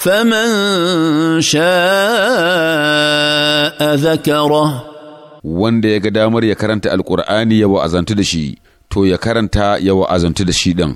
faman sha'a zakara wanda ya ga damar ya karanta alkur'ani ya wa'azantu da shi to ya karanta ya wa'azantu da shi ɗin